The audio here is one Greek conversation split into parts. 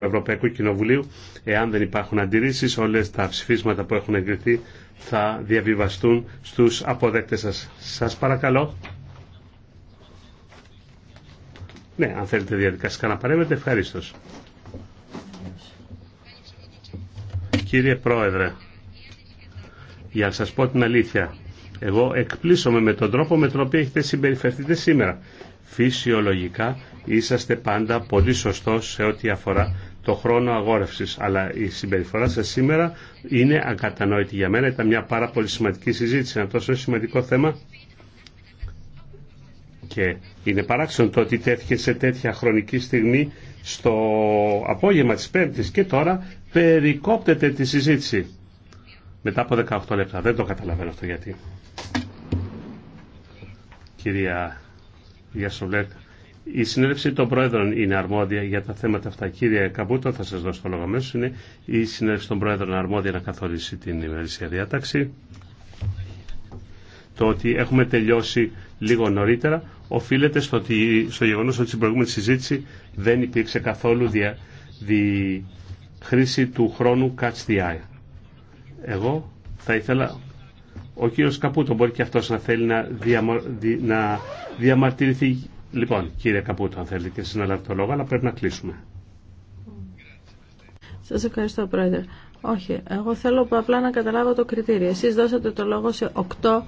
Ευρωπαϊκού Κοινοβουλίου. Εάν δεν υπάρχουν αντιρρήσεις, όλες τα ψηφίσματα που έχουν εγκριθεί θα διαβιβαστούν στους αποδέκτες σας. Σας παρακαλώ. Ναι, αν θέλετε διαδικαστικά να παρέμβετε, ευχαρίστω. Κύριε Πρόεδρε, για να σας πω την αλήθεια, εγώ εκπλήσωμαι με τον τρόπο με τον οποίο έχετε συμπεριφερθείτε σήμερα. Φυσιολογικά είσαστε πάντα πολύ σωστός σε ό,τι αφορά το χρόνο αγόρευση Αλλά η συμπεριφορά σας σήμερα είναι ακατανόητη για μένα. Ήταν μια πάρα πολύ σημαντική συζήτηση, ένα τόσο σημαντικό θέμα. Και είναι παράξενο το ότι τέθηκε σε τέτοια χρονική στιγμή στο απόγευμα της Πέμπτης και τώρα περικόπτεται τη συζήτηση. Μετά από 18 λεπτά. Δεν το καταλαβαίνω αυτό γιατί. Κυρία Γιασοβλέκα. Η συνέλευση των Πρόεδρων είναι αρμόδια για τα θέματα αυτά. Κύριε Καμπούτο, θα σα δώσω το λόγο αμέσω. Είναι η συνέλευση των Πρόεδρων αρμόδια να καθορίσει την ημερήσια διάταξη. Το ότι έχουμε τελειώσει λίγο νωρίτερα οφείλεται στο, ότι, στο γεγονός ότι στην προηγούμενη συζήτηση δεν υπήρξε καθόλου δια, δι, χρήση του χρόνου catch the eye. Εγώ θα ήθελα ο κύριος Καπούτο μπορεί και αυτό να θέλει να, να διαμαρτυρηθεί Λοιπόν, κύριε Καπούτο, αν θέλετε και το λόγο, αλλά πρέπει να κλείσουμε. Σα ευχαριστώ, Πρόεδρε. Όχι, εγώ θέλω απλά να καταλάβω το κριτήριο. Εσεί δώσατε το λόγο σε 8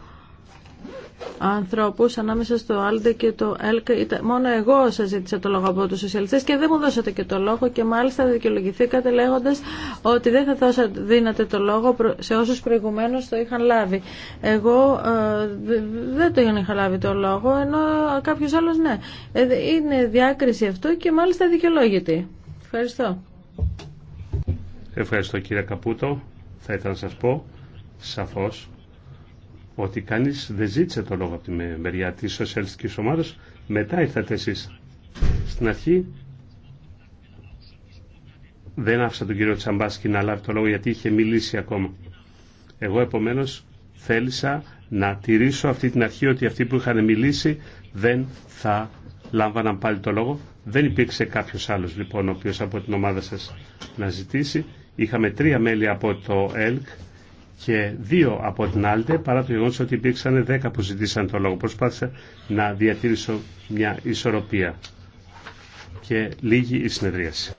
ανθρώπους ανάμεσα στο Άλντε και το ΕΛΚ. Μόνο εγώ σας ζήτησα το λόγο από τους σοσιαλιστές και δεν μου δώσατε και το λόγο και μάλιστα δικαιολογηθήκατε λέγοντας ότι δεν θα δίνατε το λόγο σε όσους προηγουμένως το είχαν λάβει. Εγώ ε, δεν το είχα λάβει το λόγο ενώ κάποιο άλλος ναι. Ε, είναι διάκριση αυτό και μάλιστα δικαιολόγητη. Ευχαριστώ. Ευχαριστώ κύριε Καπούτο. Θα ήθελα να σας πω σαφώς ότι κανείς δεν ζήτησε το λόγο από τη μεριά τη σοσιαλιστική ομάδα μετά ήρθατε εσεί. Στην αρχή δεν άφησα τον κύριο Τσαμπάσκι να λάβει το λόγο γιατί είχε μιλήσει ακόμα. Εγώ επομένως θέλησα να τηρήσω αυτή την αρχή ότι αυτοί που είχαν μιλήσει δεν θα λάμβαναν πάλι το λόγο. Δεν υπήρξε κάποιο άλλος λοιπόν ο οποίο από την ομάδα σα να ζητήσει. Είχαμε τρία μέλη από το ΕΛΚ και δύο από την άλλη, παρά το γεγονός ότι υπήρξαν δέκα που ζητήσαν το λόγο. Προσπάθησα να διατηρήσω μια ισορροπία και λίγη η συνεδρίαση.